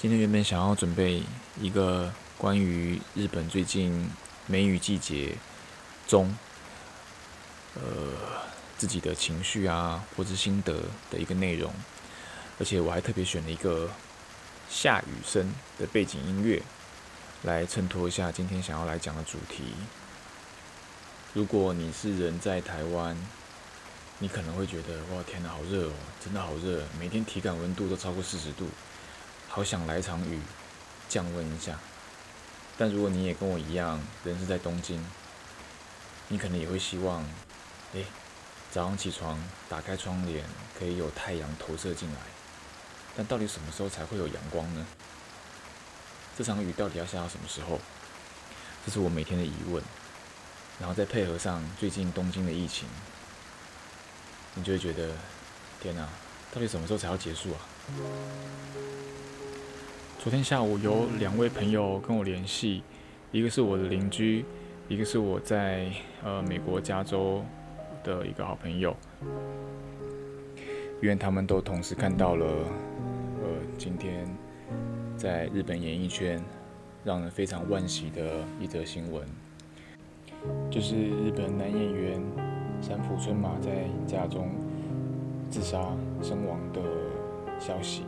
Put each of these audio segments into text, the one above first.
今天原本想要準備一個關於日本最近梅雨季節中呃自己的情緒啊，或是心得的一個內容，而且我還特別選了一個下雨聲的背景音樂來襯托一下今天想要來講的主題。如果你是人在台灣，你可能會覺得哇，天哪，好熱哦，真的好熱，每天體感溫度都超過四十度。好想來場雨，降溫一下。但如果你也跟我一樣，人是在東京，你可能也會希望，哎，早上起床打開窗簾，可以有太陽投射進來。但到底什麼時候才會有陽光呢？這場雨到底要下到什麼時候？這是我每天的疑問。然後再配合上最近東京的疫情，你就會覺得，天哪，到底什麼時候才要結束啊？昨天下午有兩位朋友跟我聯繫，一個是我的鄰居，一個是我在呃美國加州的一個好朋友，因為他們都同時看到了呃今天在日本演藝圈讓人非常惋惜的一則新聞，就是日本男演員三浦春馬在家中自殺身亡的消息。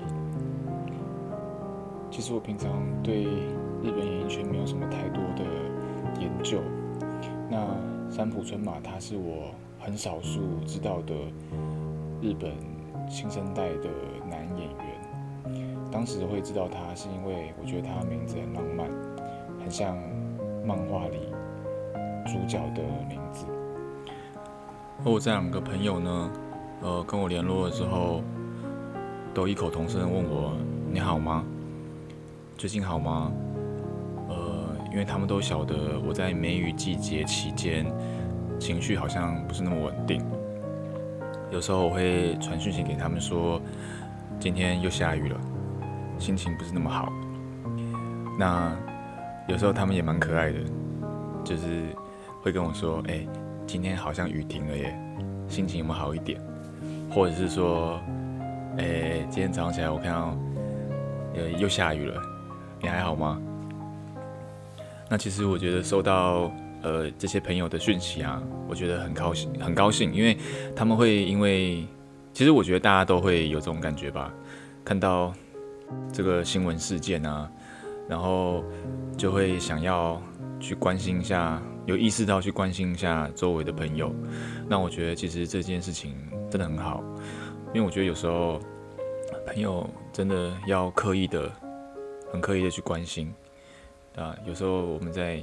其實我平常對日本演藝圈沒有什麼太多的研究。那三浦春馬，他是我很少數知道的日本新生代的男演員。當時會知道他，是因為我覺得他名字很浪漫，很像漫畫裡主角的名字。而我這兩個朋友呢，呃，跟我聯絡了之後，都異口同聲問我你好嗎？最近好嗎？呃，因為他們都曉得我在梅雨季節期間情緒好像不是那麼穩定，有時候我會傳訊息給他們說，今天又下雨了，心情不是那麼好。那有時候他們也蠻可愛的，就是會跟我說，欸，今天好像雨停了耶，心情有沒有好一點？或者是說，欸，今天早上起來我看到呃又下雨了。你還好嗎？那其實我覺得收到呃這些朋友的訊息啊，我覺得很高興，很高興，因為他們會因為，其實我覺得大家都會有這種感覺吧，看到這個新聞事件啊，然後就會想要去關心一下，有意識到去關心一下周圍的朋友。那我覺得其實這件事情真的很好，因為我覺得有時候朋友真的要刻意的。很刻意的去關心，啊，有時候我們在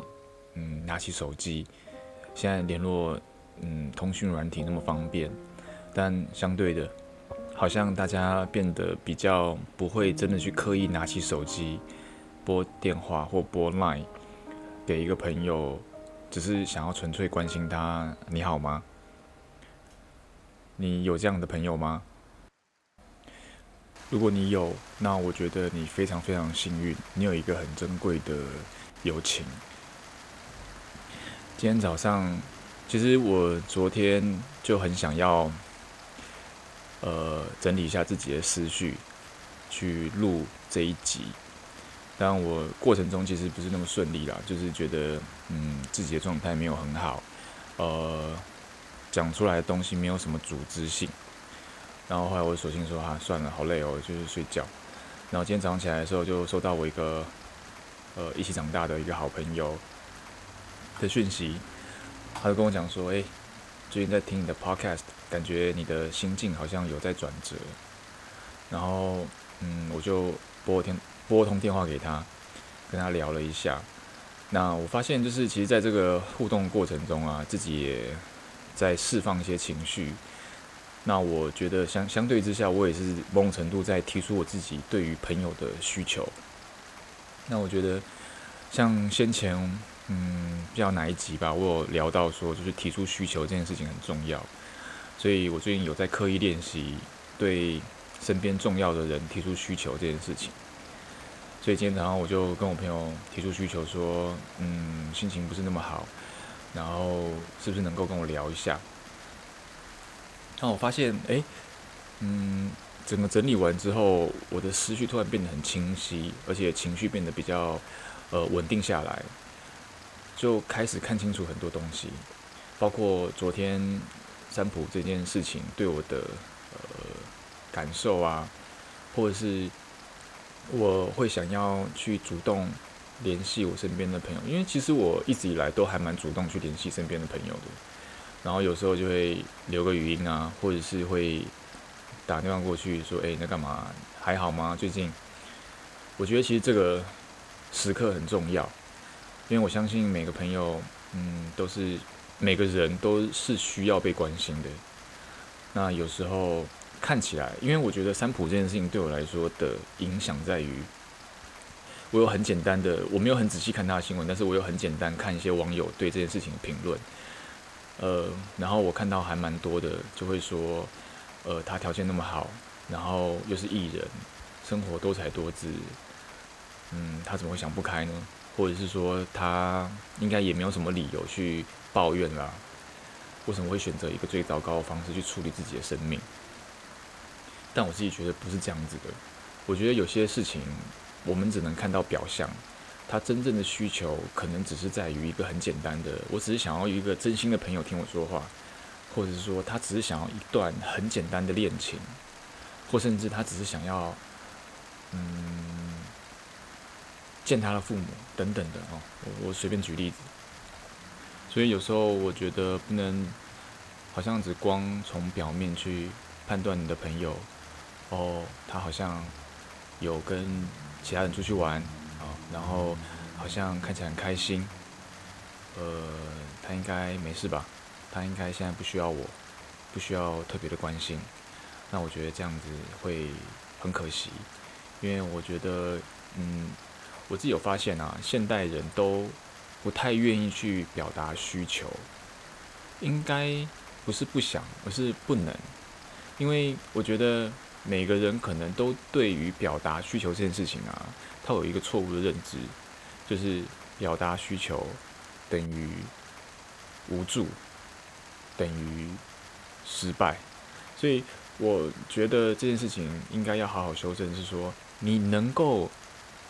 嗯拿起手機，現在聯絡嗯通訊軟體那麼方便，但相對的，好像大家變得比較不會真的去刻意拿起手機撥電話或撥 Line 給一個朋友，只是想要純粹關心他，你好嗎？你有這樣的朋友嗎？如果你有，那我覺得你非常非常幸運，你有一個很珍貴的友情。今天早上，其實我昨天就很想要，呃，整理一下自己的思緒，去錄這一集。但我過程中其實不是那麼順利啦，就是覺得嗯，自己的狀態沒有很好，呃，講出來的東西沒有什麼組織性。然後後來我索性說：“哈、啊，算了，好累哦，就是睡覺。”然後今天早上起來的時候，就收到我一個，呃，一起長大的一個好朋友的訊息，他就跟我講說：“哎，最近在聽你的 Podcast，感覺你的心境好像有在轉折。”然後，嗯，我就撥電撥通電話給他，跟他聊了一下。那我發現就是，其實在這個互動的過程中啊，自己也在釋放一些情緒。那我覺得相相對之下，我也是某種程度在提出我自己對於朋友的需求。那我覺得像先前，嗯，比較哪一集吧，我有聊到說，就是提出需求這件事情很重要。所以我最近有在刻意練習對身邊重要的人提出需求這件事情。所以今天早上我就跟我朋友提出需求說，嗯，心情不是那麼好，然後是不是能夠跟我聊一下？那我發現，哎、欸，嗯，整個整理完之後，我的思緒突然變得很清晰，而且情緒變得比較呃穩定下來，就開始看清楚很多東西，包括昨天三浦這件事情對我的呃感受啊，或者是我會想要去主動聯繫我身邊的朋友，因為其實我一直以來都還蠻主動去聯繫身邊的朋友的。然後有時候就會留個語音啊，或者是會打電話過去說：“哎、欸，你在幹嘛？還好嗎？最近？”我覺得其實這個時刻很重要，因為我相信每個朋友，嗯，都是每個人都是需要被關心的。那有時候看起來，因為我覺得三浦這件事情對我來說的影響在於，我有很簡單的，我沒有很仔細看他的新聞，但是我有很簡單看一些網友對這件事情的評論。呃，然後我看到還蠻多的，就會說，呃，他條件那麼好，然後又是藝人，生活多采多姿。嗯，他怎麼會想不開呢？或者是說他應該也沒有什麼理由去抱怨啦？為什麼會選擇一個最糟糕的方式去處理自己的生命？但我自己覺得不是這樣子的，我覺得有些事情我們只能看到表象。他真正的需求可能只是在於一個很簡單的，我只是想要一個真心的朋友聽我說話，或者是說他只是想要一段很簡單的戀情，或甚至他只是想要，嗯，見他的父母等等的哦。我我隨便舉例子，所以有時候我覺得不能，好像只光從表面去判斷你的朋友哦，他好像有跟其他人出去玩。然後好像看起來很開心，呃，他應該沒事吧？他應該現在不需要我，不需要特別的關心。那我覺得這樣子會很可惜，因為我覺得，嗯，我自己有發現啊，現代人都不太願意去表達需求，應該不是不想，而是不能，因為我覺得。每個人可能都對於表達需求這件事情啊，他有一個錯誤的認知，就是表達需求等於無助，等於失敗。所以我覺得這件事情應該要好好修正，是說你能夠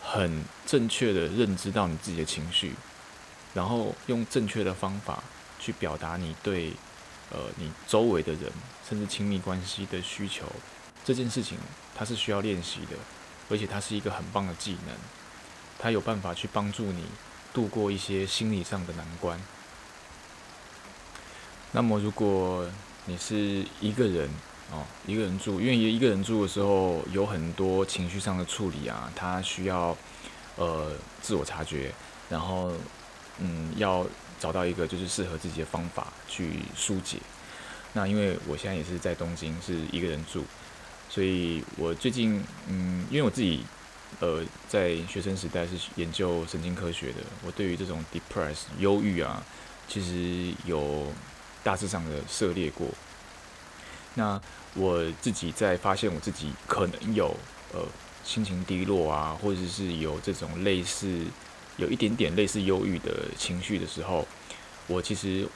很正確的認知到你自己的情緒，然後用正確的方法去表達你對，呃，你周圍的人，甚至親密關係的需求。這件事情它是需要練習的，而且它是一個很棒的技能，它有辦法去幫助你度過一些心理上的難關。那麼，如果你是一個人哦，一個人住，因為一個人住的時候有很多情緒上的處理啊，它需要呃自我察覺，然後嗯，要找到一個就是適合自己的方法去疏解。那因為我現在也是在東京，是一個人住。所以我最近，嗯，因為我自己，呃，在學生時代是研究神經科學的，我對於這種 depress 憂鬱啊，其實有大致上的涉獵過。那我自己在發現我自己可能有呃心情低落啊，或者是有這種類似有一點點類似憂鬱的情緒的時候，我其實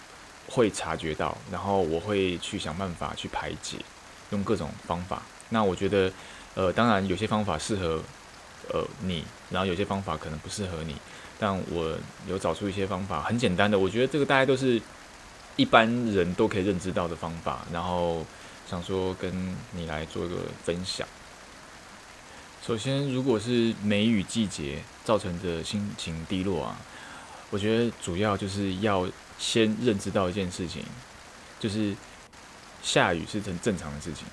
會察覺到，然後我會去想辦法去排解，用各種方法。那我覺得，呃，當然有些方法適合，呃，你，然後有些方法可能不適合你，但我有找出一些方法，很簡單的，我覺得這個大概都是，一般人都可以認知到的方法，然後想說跟你來做一個分享。首先，如果是梅雨季節造成的心情低落啊，我覺得主要就是要先認知到一件事情，就是下雨是很正常的事情，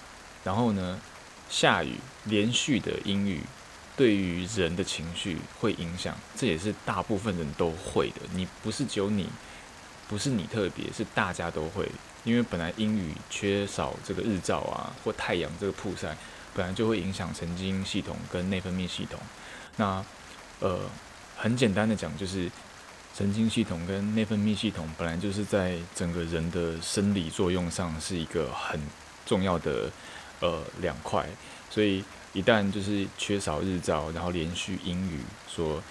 然後呢。下雨連續的陰雨，對於人的情緒會影響，這也是大部分人都會的。你不是只有你，不是你特別，是大家都會。因為本來陰雨缺少這個日照啊，或太陽這個曝曬，本來就會影響神經系統跟內分泌系統。那呃，很簡單的講，就是神經系統跟內分泌系統本來就是在整個人的生理作用上是一個很重要的。呃，兩塊，所以一旦就是缺少日照，然後連續陰雨所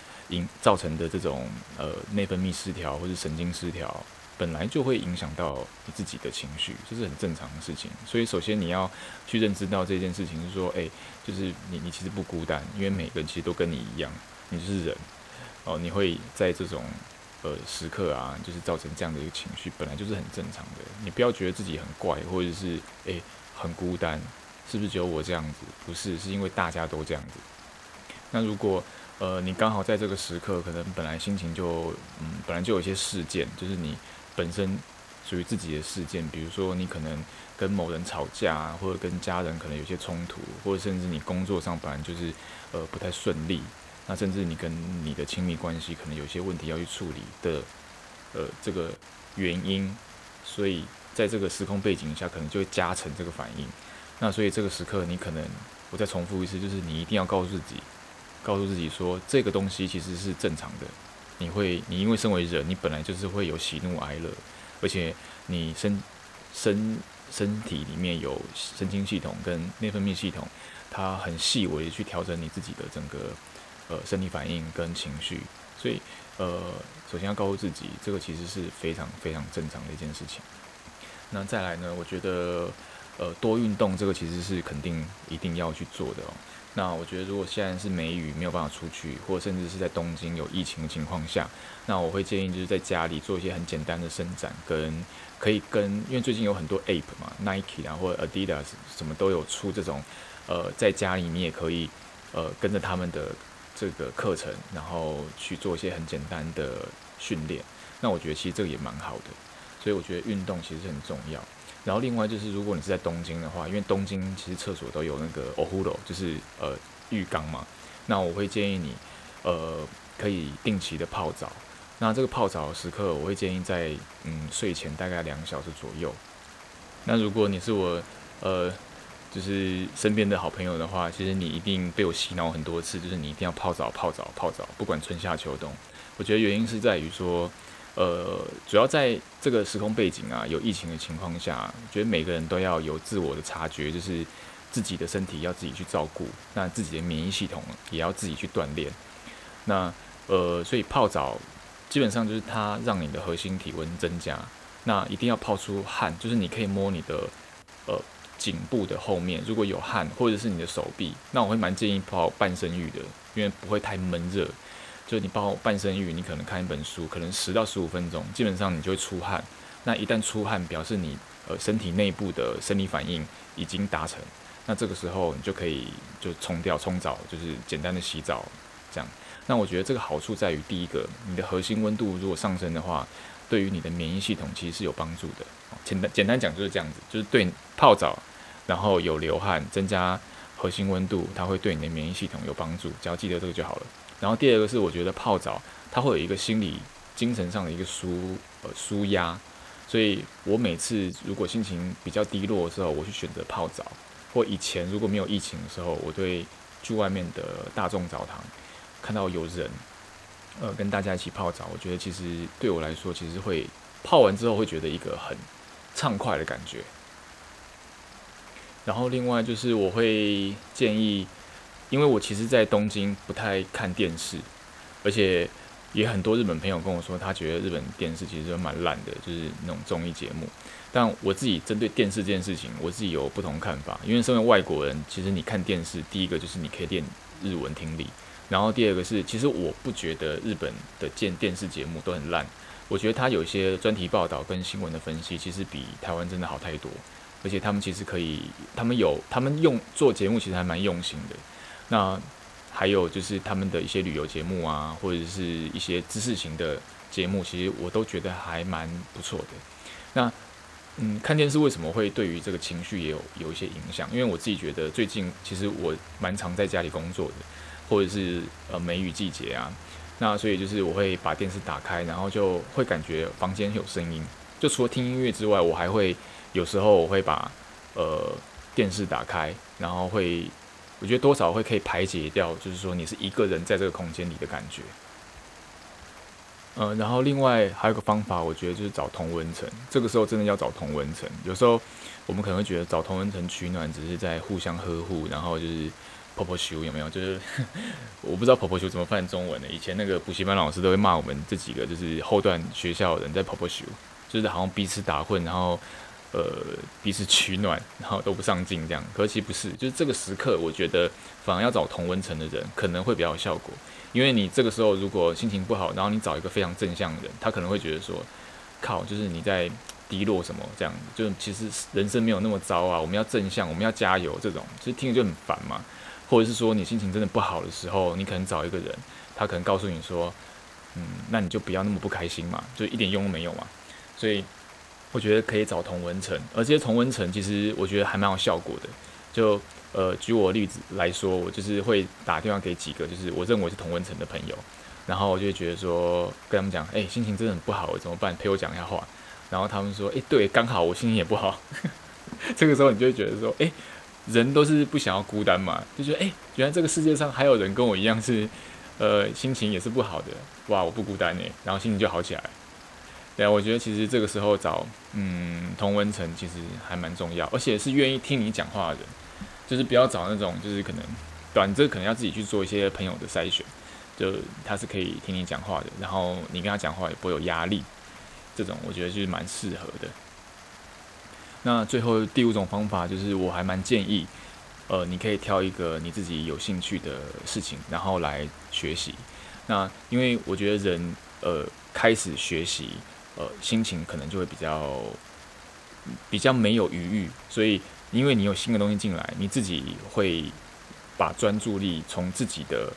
造成的這種呃內分泌失調或者神經失調，本來就會影響到你自己的情緒，這是很正常的事情。所以首先你要去認知到這件事情，是說，欸，就是你你其實不孤單，因為每個人其實都跟你一樣，你是人，哦，你會在這種呃時刻啊，就是造成這樣的一個情緒，本來就是很正常的，你不要覺得自己很怪或者是欸，很孤單。是不是只有我這樣子？不是，是因為大家都這樣子。那如果呃，你剛好在這個時刻，可能本來心情就嗯，本來就有一些事件，就是你本身屬於自己的事件，比如說你可能跟某人吵架啊，或者跟家人可能有些衝突，或者甚至你工作上本來就是呃不太順利，那甚至你跟你的親密關係可能有些問題要去處理的呃這個原因，所以在這個時空背景下，可能就會加成這個反應。那所以這個時刻，你可能我再重複一次，就是你一定要告訴自己，告訴自己說這個東西其實是正常的。你會，你因為身為人，你本來就是會有喜怒哀樂，而且你身身身體裡面有神經系統跟內分泌系統，它很細微的去調整你自己的整個呃身體反應跟情緒。所以呃，首先要告訴自己，這個其實是非常非常正常的一件事情。那再來呢，我覺得。呃，多運動這個其實是肯定一定要去做的哦。那我覺得，如果現在是梅雨沒有辦法出去，或者甚至是在東京有疫情的情況下，那我會建議就是在家裡做一些很簡單的伸展，跟可以跟，因為最近有很多 app 嘛，Nike 啊或者 Adidas 什麼都有出這種，呃，在家裡你也可以呃跟着他們的這個課程，然後去做一些很簡單的訓練。那我覺得其實這個也蠻好的，所以我覺得運動其實很重要。然後另外就是，如果你是在東京的話，因為東京其實廁所都有那個 Ofuro，就是呃浴缸嘛。那我會建議你，呃，可以定期的泡澡。那這個泡澡的時刻，我會建議在嗯睡前大概兩小時左右。那如果你是我呃就是身邊的好朋友的話，其實你一定被我洗腦很多次，就是你一定要泡澡泡澡泡澡，不管春夏秋冬。我覺得原因是在於說。呃，主要在這個時空背景啊，有疫情的情況下啊，覺得每個人都要有自我的察覺，就是自己的身體要自己去照顧，那自己的免疫系統也要自己去鍛鍊。那呃，所以泡澡基本上就是它讓你的核心體溫增加，那一定要泡出汗，就是你可以摸你的呃頸部的後面，如果有汗，或者是你的手臂，那我會蠻建議泡半身浴的，因為不會太悶熱。就你泡半身浴，你可能看一本書，可能十到十五分鐘，基本上你就會出汗。那一旦出汗，表示你呃身體內部的生理反應已經達成。那這個時候你就可以就沖掉沖澡，就是簡單的洗澡這樣。那我覺得這個好處在於，第一個，你的核心溫度如果上升的話，對於你的免疫系統其實是有幫助的。簡單簡單講就是這樣子，就是對泡澡，然後有流汗，增加核心溫度，它會對你的免疫系統有幫助。只要記得這個就好了。然後第二個是，我覺得泡澡，它會有一個心理、精神上的一個舒呃舒壓，所以我每次如果心情比較低落的時候，我去選擇泡澡；或以前如果沒有疫情的時候，我對住外面的大眾澡堂，看到有人，呃，跟大家一起泡澡，我覺得其實對我來說，其實會泡完之後會覺得一個很暢快的感覺。然後另外就是我會建議。因為我其實，在東京不太看電視，而且也很多日本朋友跟我說，他覺得日本電視其實蠻爛的，就是那種綜藝節目。但我自己針對電視這件事情，我自己有不同看法。因為身為外國人，其實你看電視，第一個就是你可以練日文聽力，然後第二個是，其實我不覺得日本的電電視節目都很爛。我覺得他有些專題報道跟新聞的分析，其實比台灣真的好太多。而且他們其實可以，他們有，他們用做節目，其實還蠻用心的。那還有就是他們的一些旅游節目啊，或者是一些知識型的節目，其實我都覺得還蠻不錯的。那嗯，看電視為什麼會對於這個情緒也有有一些影響？因為我自己覺得最近其實我蠻常在家裡工作的，或者是呃梅雨季節啊，那所以就是我會把電視打開，然後就會感覺房間有聲音。就除了聽音樂之外，我還會有時候我會把呃電視打開，然後會。我覺得多少會可以排解掉，就是說你是一個人在這個空間裡的感覺。嗯，然後另外還有一個方法，我覺得就是找同溫層。這個時候真的要找同溫層。有時候我們可能會覺得找同溫層取暖只是在互相呵護，然後就是泡泡羞有沒有？就是 我不知道泡泡羞怎麼翻譯中文的、欸。以前那個補習班老師都會罵我們這幾個就是後段學校的人在泡泡羞，就是好像彼此打混，然後。呃，彼此取暖，然後都不上進這樣，可其實不是，就是這個時刻，我覺得反而要找同溫層的人，可能會比較有效果。因為你這個時候如果心情不好，然後你找一個非常正向的人，他可能會覺得說，靠，就是你在低落什麼這樣，就其實人生沒有那麼糟啊，我們要正向，我們要加油這種，其實聽着就很煩嘛。或者是說，你心情真的不好的時候，你可能找一個人，他可能告訴你說，嗯，那你就不要那麼不開心嘛，就一點用都沒有嘛，所以。我覺得可以找同溫層，而這些同溫層其實我覺得還蠻有效果的。就呃，舉我的例子來說，我就是會打電話給幾個，就是我認為是同溫層的朋友，然後我就覺得說，跟他們講，哎、欸，心情真的很不好，怎麼辦？陪我講一下話。然後他們說，哎、欸，對，剛好我心情也不好。 這個時候你就會覺得說，哎、欸，人都是不想要孤單嘛，就覺得哎、欸，原來這個世界上還有人跟我一樣是，呃，心情也是不好的，哇，我不孤單哎，然後心情就好起來。對啊，我覺得其實這個時候找嗯，同溫層其實還蠻重要，而且是願意聽你講話的人，就是不要找那種就是可能，短啊，這可能要自己去做一些朋友的篩選，就他是可以聽你講話的，然後你跟他講話也不會有壓力，這種我覺得就是蠻適合的。那最後第五種方法就是我還蠻建議，呃，你可以挑一個你自己有興趣的事情，然後來學習。那因為我覺得人呃，開始學習。呃，心情可能就會比較比較沒有餘裕，所以因為你有新的東西進來，你自己會把專注力從自己的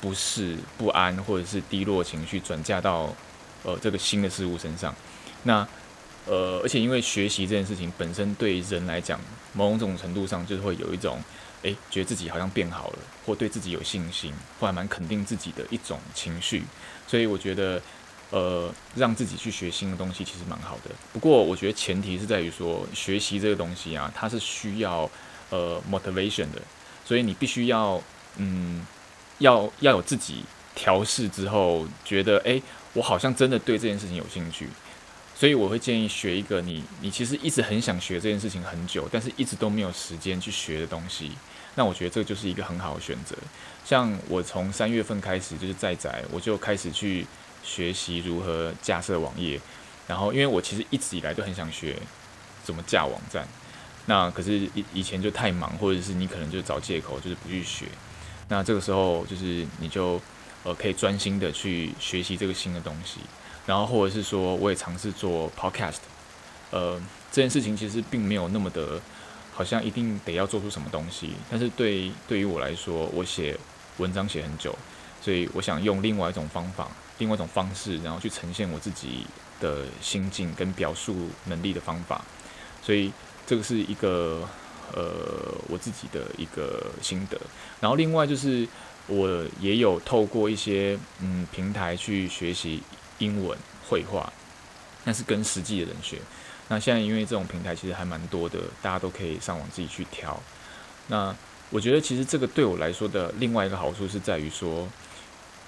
不適、不安或者是低落情緒轉嫁到呃這個新的事物身上。那呃，而且因為學習這件事情本身對人來講，某種程度上就是會有一種誒、欸，覺得自己好像變好了，或對自己有信心，或還蠻肯定自己的一種情緒。所以我覺得。呃，讓自己去學新的東西其實蠻好的。不過我覺得前提是在於說，學習這個東西啊，它是需要呃 motivation 的，所以你必須要嗯，要要有自己調適之後覺得，欸，我好像真的對這件事情有興趣。所以我會建議學一個你你其實一直很想學這件事情很久，但是一直都沒有時間去學的東西。那我覺得這就是一個很好的選擇。像我從三月份開始就是在宅，我就開始去。學習如何架設網頁，然後因為我其實一直以來都很想學怎麼架網站，那可是以以前就太忙，或者是你可能就找借口就是不去學，那這個時候就是你就呃可以專心的去學習這個新的東西，然後或者是說我也嘗試做 Podcast。呃這件事情其實並沒有那麼的，好像一定得要做出什麼東西，但是對對於我來說，我寫文章寫很久，所以我想用另外一種方法。另外一種方式，然後去呈現我自己的心境跟表述能力的方法，所以這個是一個呃我自己的一個心得。然後另外就是我也有透過一些嗯平台去學習英文會話，那是跟實際的人學。那現在因為這種平台其實還蠻多的，大家都可以上網自己去挑。那我覺得其實這個對我來說的另外一個好處是在於說。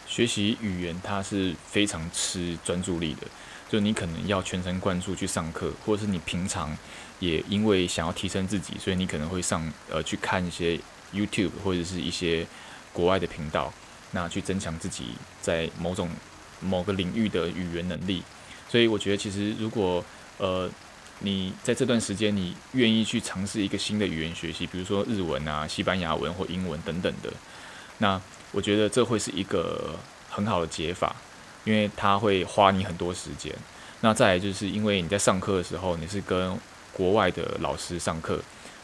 學習語言，它是非常吃專注力的，就你可能要全神貫注去上課，或者是你平常也因為想要提升自己，所以你可能會上呃去看一些 YouTube 或者是一些國外的頻道，那去增強自己在某種某個領域的語言能力。所以我覺得，其實如果呃你在這段時間你願意去嘗試一個新的語言學習，比如說日文啊、西班牙文或英文等等的。那我覺得這會是一個很好的解法，因為它會花你很多時間。那再來就是因為你在上課的時候，你是跟國外的老師上課，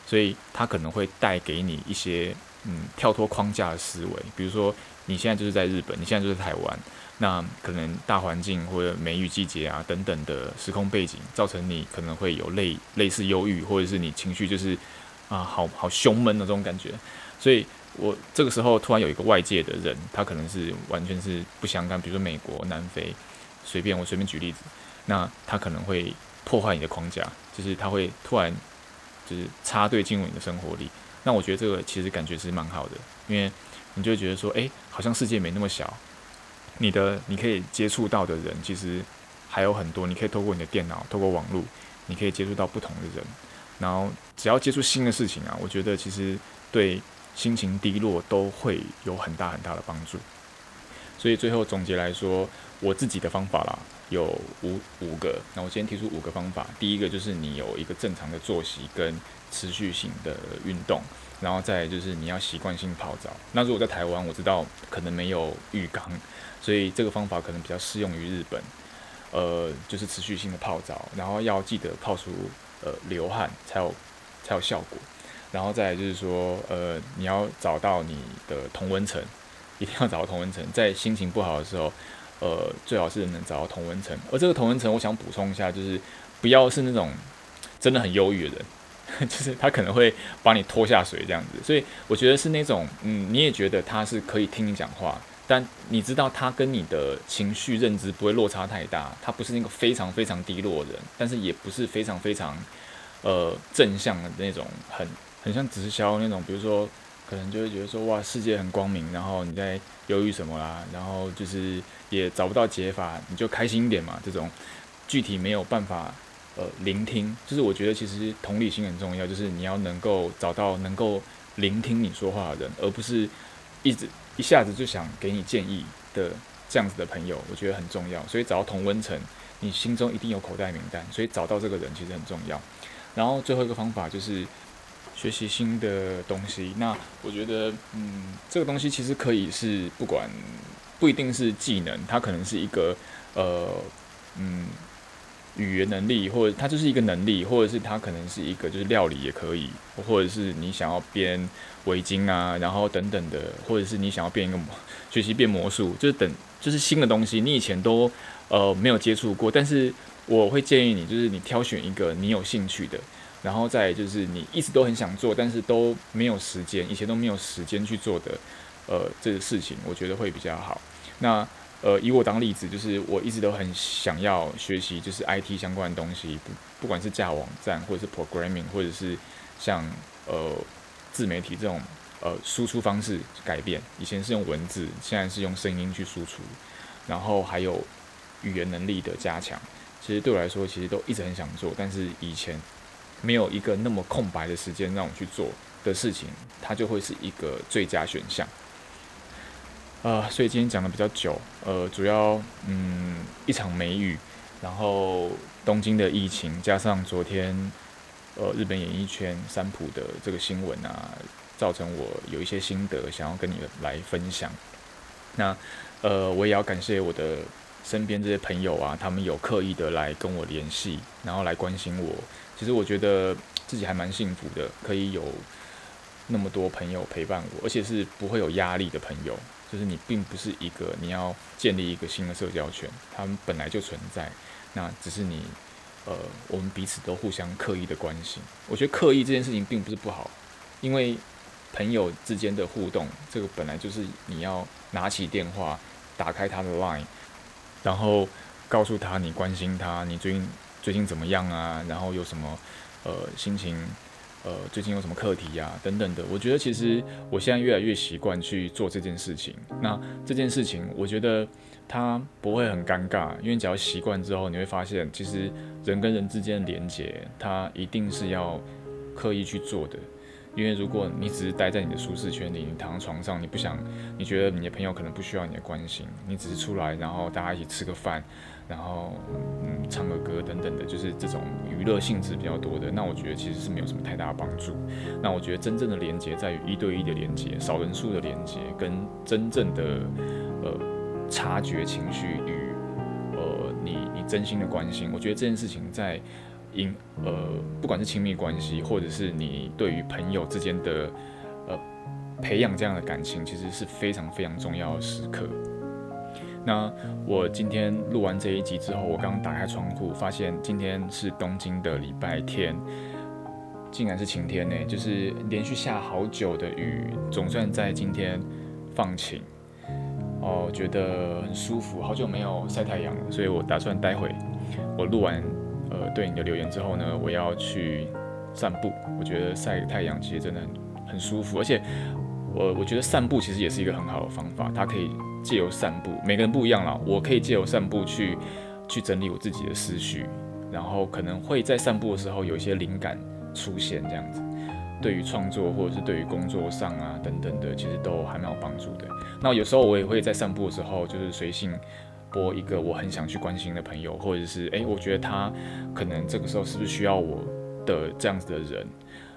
所以他可能會帶給你一些嗯跳脫框架的思維。比如說你現在就是在日本，你現在就是台灣，那可能大環境或者梅雨季節啊等等的時空背景，造成你可能會有類類似憂鬱，或者是你情緒就是啊、呃、好好胸悶的這種感覺，所以。我這個時候突然有一個外界的人，他可能是完全是不相干，比如說美國、南非，隨便我隨便舉例子，那他可能會破壞你的框架，就是他會突然就是插隊進入你的生活裡。那我覺得這個其實感覺是蠻好的，因為你就會覺得說，哎、欸，好像世界沒那麼小，你的你可以接觸到的人其實還有很多，你可以透過你的電腦、透過網絡，你可以接觸到不同的人。然後只要接觸新的事情啊，我覺得其實對。心情低落都會有很大很大的幫助，所以最後總結來說，我自己的方法啦，有五五個。那我先提出五個方法，第一個就是你有一個正常的作息跟持續性的運動，然後再來就是你要習慣性泡澡。那如果在台灣，我知道可能沒有浴缸，所以這個方法可能比較適用於日本。呃，就是持續性的泡澡，然後要記得泡出呃流汗，才有才有效果。然後再來就是說，呃，你要找到你的同溫層，一定要找到同溫層。在心情不好的時候，呃，最好是能找到同溫層。而這個同溫層，我想補充一下，就是不要是那種真的很憂鬱的人，就是他可能會把你拖下水這樣子。所以我覺得是那種，嗯，你也覺得他是可以聽你講話，但你知道他跟你的情緒認知不會落差太大，他不是那個非常非常低落的人，但是也不是非常非常呃，正向的那種很，很像直銷那種，比如說，可能就會覺得說，哇，世界很光明，然後你在憂鬱什麼啦，然後就是也找不到解法，你就開心一點嘛。這種具體沒有辦法，呃，聆聽，就是我覺得其實同理心很重要，就是你要能夠找到能夠聆聽你說話的人，而不是一直一下子就想給你建議的這樣子的朋友，我覺得很重要。所以找到同溫層，你心中一定有口袋名單，所以找到這個人其實很重要。然後最後一個方法就是。學習新的東西，那我覺得，嗯，這個東西其實可以是不管，不一定是技能，它可能是一個，呃，嗯，語言能力，或者它就是一個能力，或者是它可能是一個就是料理也可以，或者是你想要編圍巾啊，然後等等的，或者是你想要變一個魔學習變魔術，就是等就是新的東西，你以前都呃沒有接觸過，但是我會建議你，就是你挑選一個你有興趣的。然後再就是你一直都很想做，但是都沒有時間，以前都沒有時間去做的，呃，這個事情我覺得會比較好。那呃，以我當例子，就是我一直都很想要學習，就是 IT 相關的東西，不，不管是架網站，或者是 programming，或者是像呃自媒體這種呃輸出方式改變，以前是用文字，現在是用聲音去輸出，然後還有語言能力的加強，其實對我來說，其實都一直很想做，但是以前。沒有一個那麼空白的時間讓我去做的事情，它就會是一個最佳選項。啊、呃，所以今天講的比較久，呃，主要嗯，一場梅雨，然後東京的疫情，加上昨天呃日本演藝圈三浦的這個新聞啊，造成我有一些心得想要跟你來分享。那呃，我也要感謝我的。身邊這些朋友啊，他們有刻意的來跟我聯繫，然後來關心我。其實我覺得自己還蠻幸福的，可以有那麼多朋友陪伴我，而且是不會有壓力的朋友。就是你並不是一個你要建立一個新的社交圈，他們本來就存在。那只是你呃，我們彼此都互相刻意的關心。我覺得刻意這件事情並不是不好，因為朋友之間的互動，這個本來就是你要拿起電話，打開他的 Line。然後告訴他你關心他，你最近最近怎麼樣啊？然後有什麼呃心情？呃，最近有什麼課題呀？等等的。我覺得其實我現在越來越習慣去做這件事情。那這件事情，我覺得他不會很尷尬，因為只要習慣之後，你會發現其實人跟人之間的連接，它一定是要刻意去做的。因為如果你只是待在你的舒適圈裡，你躺在床上，你不想，你覺得你的朋友可能不需要你的關心，你只是出來，然後大家一起吃個飯，然後嗯唱個歌等等的，就是這種娛樂性質比較多的，那我覺得其實是沒有什麼太大的幫助。那我覺得真正的連接在於一對一的連接，少人數的連接，跟真正的呃察覺情緒與呃你你真心的關心，我覺得這件事情在。因、嗯、呃，不管是親密關係，或者是你對於朋友之間的呃培養這樣的感情，其實是非常非常重要的時刻。那我今天錄完這一集之後，我剛打開窗戶，發現今天是東京的禮拜天，竟然是晴天呢，就是連續下好久的雨，總算在今天放晴。哦，覺得很舒服，好久沒有曬太陽了，所以我打算待會我錄完。呃，對你的留言之後呢，我要去散步。我覺得曬太陽其實真的很很舒服，而且我我覺得散步其實也是一個很好的方法。它可以借由散步，每個人不一樣啦。我可以借由散步去去整理我自己的思緒，然後可能會在散步的時候有一些靈感出現，這樣子對於創作或者是對於工作上啊等等的，其實都還蠻有幫助的。那有時候我也會在散步的時候，就是隨性。播一個我很想去關心的朋友，或者是誒、欸，我覺得他可能這個時候是不是需要我的這樣子的人，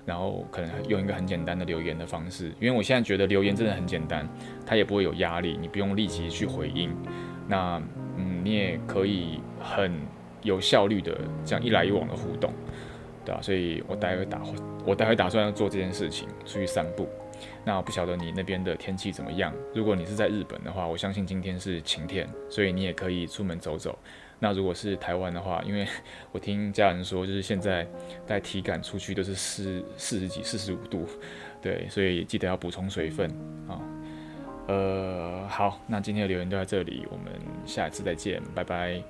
然後可能用一個很簡單的留言的方式，因為我現在覺得留言真的很簡單，他也不會有壓力，你不用立即去回應。那嗯，你也可以很有效率的這樣一來一往的互動，對吧、啊？所以我待會打，我待會打算要做這件事情，出去散步。那我不曉得你那邊的天氣怎麼樣？如果你是在日本的話，我相信今天是晴天，所以你也可以出門走走。那如果是台灣的話，因為我聽家人說，就是現在帶體感出去都是四四十幾、四十五度，對，所以記得要補充水分啊。呃，好，那今天的留言就在這裡，我們下一次再見，拜拜。